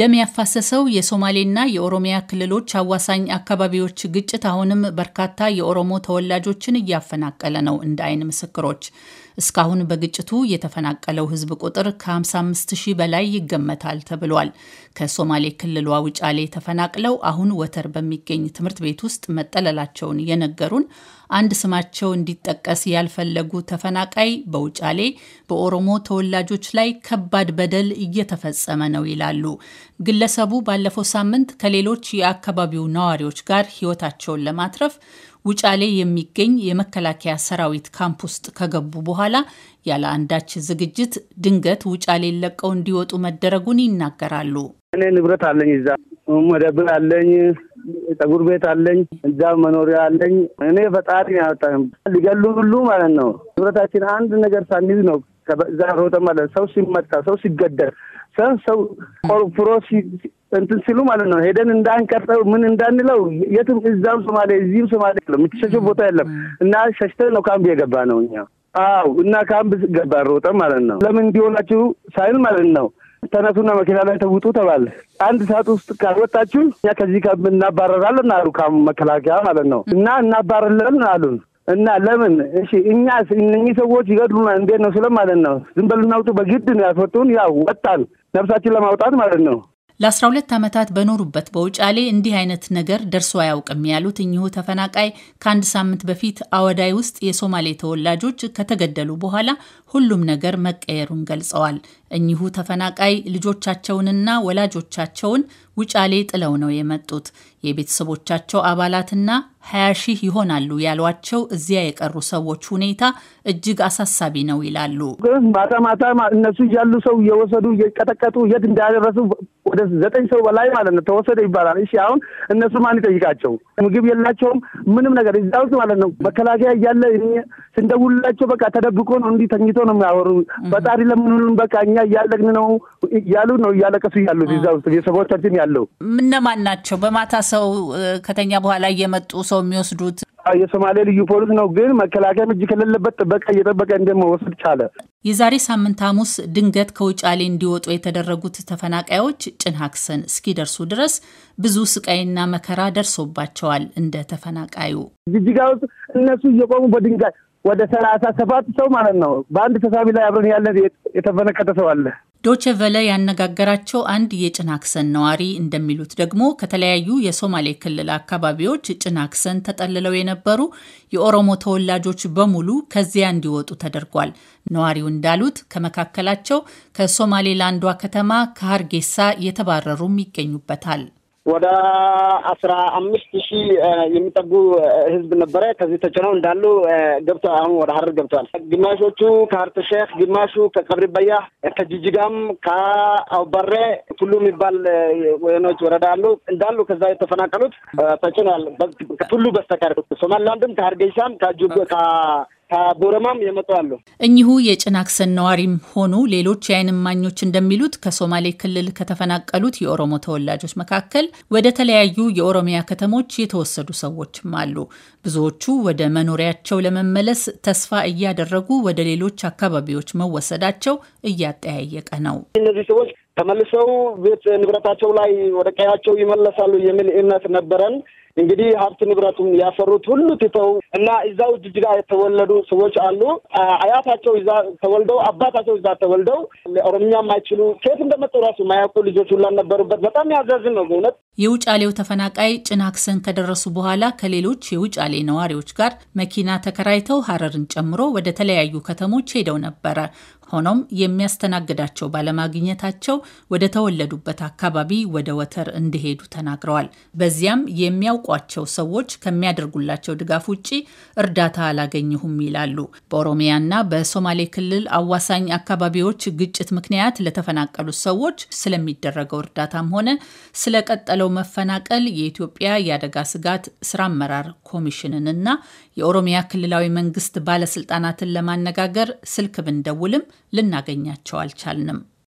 ደም ያፋሰሰው የሶማሌና የኦሮሚያ ክልሎች አዋሳኝ አካባቢዎች ግጭት አሁንም በርካታ የኦሮሞ ተወላጆችን እያፈናቀለ ነው። እንደ አይን ምስክሮች እስካሁን በግጭቱ የተፈናቀለው ሕዝብ ቁጥር ከ55 ሺህ በላይ ይገመታል ተብሏል። ከሶማሌ ክልሏ ውጫሌ ተፈናቅለው አሁን ወተር በሚገኝ ትምህርት ቤት ውስጥ መጠለላቸውን የነገሩን አንድ ስማቸው እንዲጠቀስ ያልፈለጉ ተፈናቃይ በውጫሌ በኦሮሞ ተወላጆች ላይ ከባድ በደል እየተፈጸመ ነው ይላሉ። ግለሰቡ ባለፈው ሳምንት ከሌሎች የአካባቢው ነዋሪዎች ጋር ሕይወታቸውን ለማትረፍ ውጫሌ የሚገኝ የመከላከያ ሰራዊት ካምፕ ውስጥ ከገቡ በኋላ ያለ አንዳች ዝግጅት ድንገት ውጫሌን ለቀው እንዲወጡ መደረጉን ይናገራሉ። እኔ ንብረት አለኝ፣ እዛ መደብር አለኝ፣ ጸጉር ቤት አለኝ፣ እዛ መኖሪያ አለኝ። እኔ ፈጣሪ ያወጣ ሊገሉ ሁሉ ማለት ነው። ንብረታችን አንድ ነገር ሳንይዝ ነው ከዛ ሮጠ ማለት ሰው ሲመታ ሰው ሲገደል ሰው ቆርፍሮ እንትን ሲሉ ማለት ነው። ሄደን እንዳንቀርጠው ምን እንዳንለው የትም እዛም ሶማሌ እዚህም ሶማሌ የምትሸሸ ቦታ የለም እና ሸሽተን ነው ካምብ የገባ ነው እኛ። አዎ እና ካምብ ገባ ሮጠ ማለት ነው። ለምን እንዲሆናችሁ ሳይል ማለት ነው። ተነሱና መኪና ላይ ተውጡ ተባለ። አንድ ሰዓት ውስጥ ካልወጣችሁ እኛ ከዚህ እናባረራለን አሉ መከላከያ ማለት ነው። እና እናባረለን አሉን እና ለምን እሺ እኛ እነኚህ ሰዎች ይገድሉና እንዴት ነው ስለም ማለት ነው። ዝም በልናውጡ በግድ ነው ያስወጡን። ያው ወጣን ነፍሳችን ለማውጣት ማለት ነው። ለ12 ዓመታት በኖሩበት በውጫሌ እንዲህ አይነት ነገር ደርሶ አያውቅም ያሉት እኚሁ ተፈናቃይ ከአንድ ሳምንት በፊት አወዳይ ውስጥ የሶማሌ ተወላጆች ከተገደሉ በኋላ ሁሉም ነገር መቀየሩን ገልጸዋል። እኚሁ ተፈናቃይ ልጆቻቸውንና ወላጆቻቸውን ውጫሌ ጥለው ነው የመጡት። የቤተሰቦቻቸው አባላትና 20 ሺህ ይሆናሉ ያሏቸው እዚያ የቀሩ ሰዎች ሁኔታ እጅግ አሳሳቢ ነው ይላሉ። ማታ ማታ እነሱ እያሉ ሰው እየወሰዱ እየቀጠቀጡ የት እንዳደረሱ ወደ ዘጠኝ ሰው በላይ ማለት ነው ተወሰደ ይባላል። እሺ አሁን እነሱ ማን ይጠይቃቸው? ምግብ የላቸውም፣ ምንም ነገር እዛ ውስጥ ማለት ነው። መከላከያ እያለ ስንደውላቸው በቃ ተደብቆ ነው እንዲህ ተኝቶ ነው የሚያወሩ። ፈጣሪ ለምንሉን በቃ እኛ እያለቅን ነው እያሉ ነው እያለቀሱ እያሉ እዛ ውስጥ ቤተሰቦቻችን ያለው እነማን ናቸው? በማታ ሰው ከተኛ በኋላ እየመጡ ሰው የሚወስዱት የሶማሌ ልዩ ፖሊስ ነው፣ ግን መከላከያ እጅ ከሌለበት ጥበቃ እየጠበቀ እንደመወሰድ ቻለ። የዛሬ ሳምንት ሐሙስ ድንገት ከውጫሌ እንዲወጡ የተደረጉት ተፈናቃዮች ጭንሀክሰን እስኪደርሱ ድረስ ብዙ ስቃይና መከራ ደርሶባቸዋል። እንደ ተፈናቃዩ ጅጅጋ ውስጥ እነሱ እየቆሙ በድንጋይ ወደ ሰላሳ ሰባት ሰው ማለት ነው በአንድ ተሳቢ ላይ አብረን ያለን የተፈነከተ ሰው አለ ዶቸቨለ ያነጋገራቸው አንድ የጭናክሰን ነዋሪ እንደሚሉት ደግሞ ከተለያዩ የሶማሌ ክልል አካባቢዎች ጭናክሰን ተጠልለው የነበሩ የኦሮሞ ተወላጆች በሙሉ ከዚያ እንዲወጡ ተደርጓል። ነዋሪው እንዳሉት ከመካከላቸው ከሶማሌላንዷ ከተማ ከሀርጌሳ የተባረሩም ይገኙበታል። ወደ አስራ አምስት ሺህ የሚጠጉ ህዝብ ነበረ። ከዚህ ተጭነው እንዳሉ ገብቶ አሁን ወደ ሀረር ገብተዋል። ግማሾቹ ከሀርተ ሼክ፣ ግማሹ ከቀብሪበያ፣ ከጅጅጋም፣ ከአውባሬ ሁሉ የሚባል ወይኖች ወረዳ አሉ እንዳሉ ከዛ የተፈናቀሉት ተጭኗል። ሁሉ በስተቀር ሶማሊላንድም ከሀርገይሳም ከቦረማም የመጡ አሉ። እኚሁ የጭናክሰን ነዋሪም ሆኑ ሌሎች የዓይን እማኞች እንደሚሉት ከሶማሌ ክልል ከተፈናቀሉት የኦሮሞ ተወላጆች መካከል ወደ ተለያዩ የኦሮሚያ ከተሞች የተወሰዱ ሰዎችም አሉ። ብዙዎቹ ወደ መኖሪያቸው ለመመለስ ተስፋ እያደረጉ ወደ ሌሎች አካባቢዎች መወሰዳቸው እያጠያየቀ ነው። እነዚህ ሰዎች ተመልሰው ቤት ንብረታቸው ላይ ወደ ቀያቸው ይመለሳሉ የሚል እምነት ነበረን። እንግዲህ ሀብት ንብረቱም ያፈሩት ሁሉ ትተው እና እዛው ጅጅጋ የተወለዱ ሰዎች አሉ። አያታቸው እዛ ተወልደው አባታቸው እዛ ተወልደው ኦሮምኛ ማይችሉ ከየት እንደመጡ ራሱ ማያውቁ ልጆች ሁላ ነበሩበት። በጣም ያዛዝን ነው በእውነት። የውጫሌው ተፈናቃይ ጭናክሰን ከደረሱ በኋላ ከሌሎች የውጫሌ ነዋሪዎች ጋር መኪና ተከራይተው ሀረርን ጨምሮ ወደ ተለያዩ ከተሞች ሄደው ነበረ። ሆኖም የሚያስተናግዳቸው ባለማግኘታቸው ወደ ተወለዱበት አካባቢ ወደ ወተር እንደሄዱ ተናግረዋል። በዚያም የሚያው የሚያውቋቸው ሰዎች ከሚያደርጉላቸው ድጋፍ ውጭ እርዳታ አላገኘሁም ይላሉ። በኦሮሚያና በሶማሌ ክልል አዋሳኝ አካባቢዎች ግጭት ምክንያት ለተፈናቀሉት ሰዎች ስለሚደረገው እርዳታም ሆነ ስለቀጠለው መፈናቀል የኢትዮጵያ የአደጋ ስጋት ስራ አመራር ኮሚሽንንና የኦሮሚያ ክልላዊ መንግስት ባለስልጣናትን ለማነጋገር ስልክ ብንደውልም ልናገኛቸው አልቻልንም።